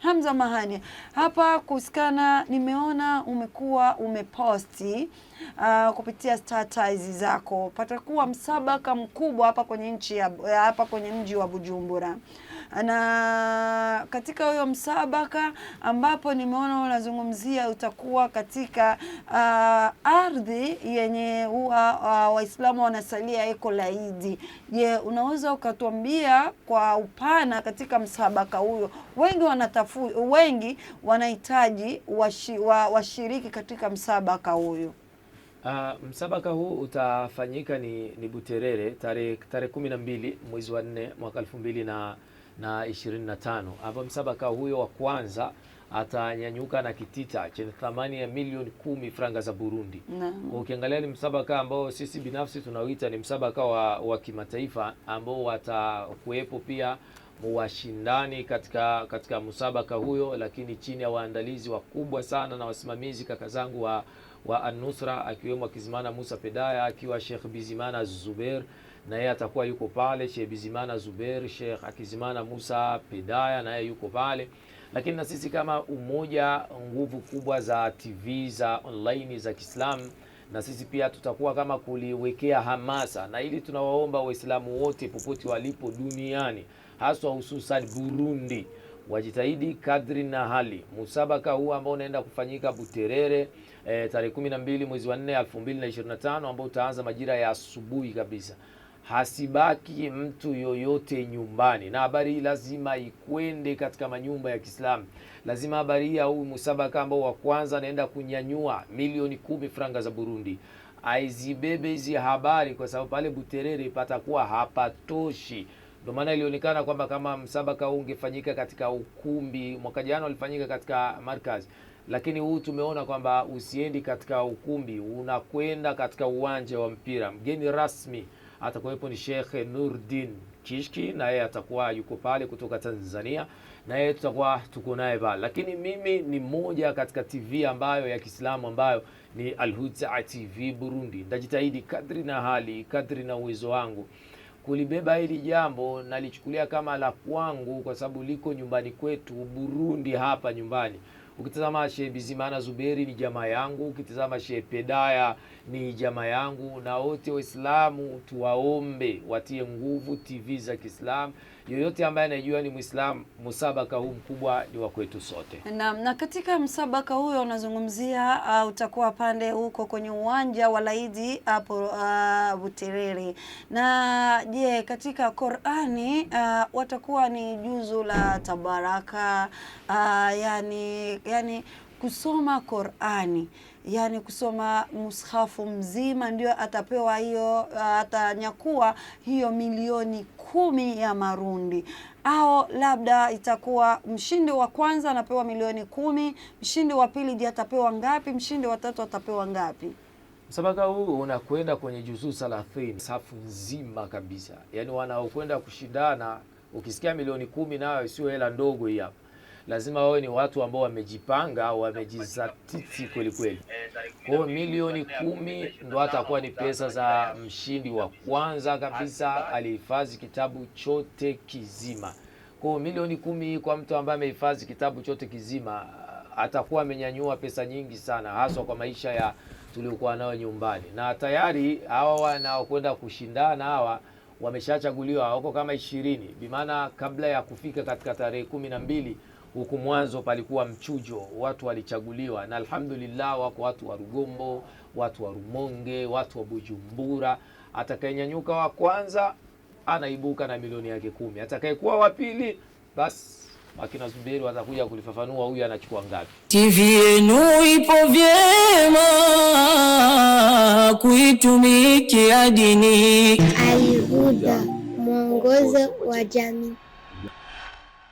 Hamza Mahani hapa kusikana, nimeona umekuwa umeposti uh, kupitia status zako, patakuwa msabaka mkubwa hapa kwenye nchi hapa kwenye mji wa Bujumbura na katika huyo msabaka ambapo nimeona unazungumzia utakuwa katika uh, ardhi yenye huwa uh, Waislamu wanasalia iko laidi. Je, unaweza ukatuambia kwa upana katika msabaka huyo? Wengi wanatafu, wengi wanahitaji washi, wa, washiriki katika msabaka huyo. Uh, msabaka huu utafanyika ni, ni Buterere tarehe tarehe kumi na mbili mwezi wa nne mwaka elfu mbili na na 25. Hapa msabaka huyo wa kwanza atanyanyuka na kitita chenye thamani ya milioni kumi franga za Burundi. Ukiangalia ni msabaka ambao sisi binafsi tunauita ni msabaka wa, wa kimataifa ambao watakuwepo pia washindani katika, katika msabaka huyo, lakini chini ya waandalizi wakubwa sana na wasimamizi kaka zangu wa wa Anusra akiwemo Akizimana Musa Pedaya akiwa Sheikh Bizimana Zuber na yeye atakuwa yuko pale. Sheikh Bizimana Zuber, Sheikh Akizimana Musa Pedaya na yeye yuko pale. Lakini na sisi kama umoja, nguvu kubwa za TV za online za Kiislamu, na sisi pia tutakuwa kama kuliwekea hamasa, na ili tunawaomba Waislamu wote popote walipo duniani, haswa hususan Burundi wajitahidi kadri na hali. Musabaka huu ambao unaenda kufanyika Buterere e, tarehe 12 mwezi wa 4 2025, ambao utaanza majira ya asubuhi kabisa. Hasibaki mtu yoyote nyumbani, na habari hii lazima ikwende katika manyumba ya Kiislamu. Lazima habari hii au musabaka ambao wa kwanza anaenda kunyanyua milioni kumi franga za Burundi aizibebe hizi habari, kwa sababu pale Buterere patakuwa hapatoshi. Ndio maana ilionekana kwamba kama msabaka huu ungefanyika katika ukumbi, mwaka jana ulifanyika katika Markazi, lakini huu tumeona kwamba usiendi katika ukumbi, unakwenda katika uwanja wa mpira. Mgeni rasmi atakuwepo ni shekhe Nurdin Kishki, na yeye atakuwa yuko pale kutoka Tanzania, na yeye tutakuwa tuko naye pale. Lakini mimi ni mmoja katika TV ambayo ya Kiislamu ambayo ni Al TV Burundi. Nitajitahidi kadri na hali kadri na uwezo wangu kulibeba hili jambo nalichukulia kama la kwangu, kwa sababu liko nyumbani kwetu Burundi, hapa nyumbani. Ukitazama Shehe Bizimana Zuberi ni jamaa yangu, ukitazama Shehe Pedaya ni jamaa yangu, na wote Waislamu tuwaombe watie nguvu TV za Kiislamu. Yoyote ambaye anajua ni Mwislamu, musabaka huu mkubwa ni wa kwetu sote. Na, na katika msabaka huyo unazungumzia uh, utakuwa pande huko kwenye uwanja wa Laidi hapo uh, Na je, katika Qur'ani uh, watakuwa ni juzu la tabaraka uh, yani yani kusoma Qurani, yani kusoma mushafu mzima, ndio atapewa hiyo, atanyakua hiyo milioni kumi ya marundi, au labda itakuwa mshindi wa kwanza anapewa milioni kumi, mshindi wa pili je, atapewa ngapi? Mshindi wa tatu atapewa ngapi? Msabaka huu unakwenda kwenye juzuu thalathini, safu nzima kabisa, yani wanaokwenda kushindana. Ukisikia milioni kumi, nayo sio hela ndogo hii hapa lazima wawe ni watu ambao wamejipanga, wamejizatiti kweli kweli. Kwa hiyo milioni kumi ndo atakuwa ni pesa za mshindi wa kwanza kabisa, alihifadhi kitabu chote kizima. Kwa hiyo milioni kumi kwa mtu ambaye amehifadhi kitabu chote kizima atakuwa amenyanyua pesa nyingi sana, haswa kwa maisha ya tuliokuwa nayo nyumbani. Na tayari hawa wanaokwenda kushindana hawa wameshachaguliwa, wako kama ishirini, bimaana kabla ya kufika katika tarehe kumi na mbili Huku mwanzo palikuwa mchujo, watu walichaguliwa, na alhamdulillah, wako watu wa Rugombo, watu wa Rumonge, watu wa Bujumbura. Atakayenyanyuka wa kwanza anaibuka na milioni yake kumi. Atakayekuwa wa pili, basi akina Zuberi watakuja kulifafanua, huyu anachukua ngapi. TV yenu ipo vyema kuitumikia dini, Al-Huda mwongozo wa jamii.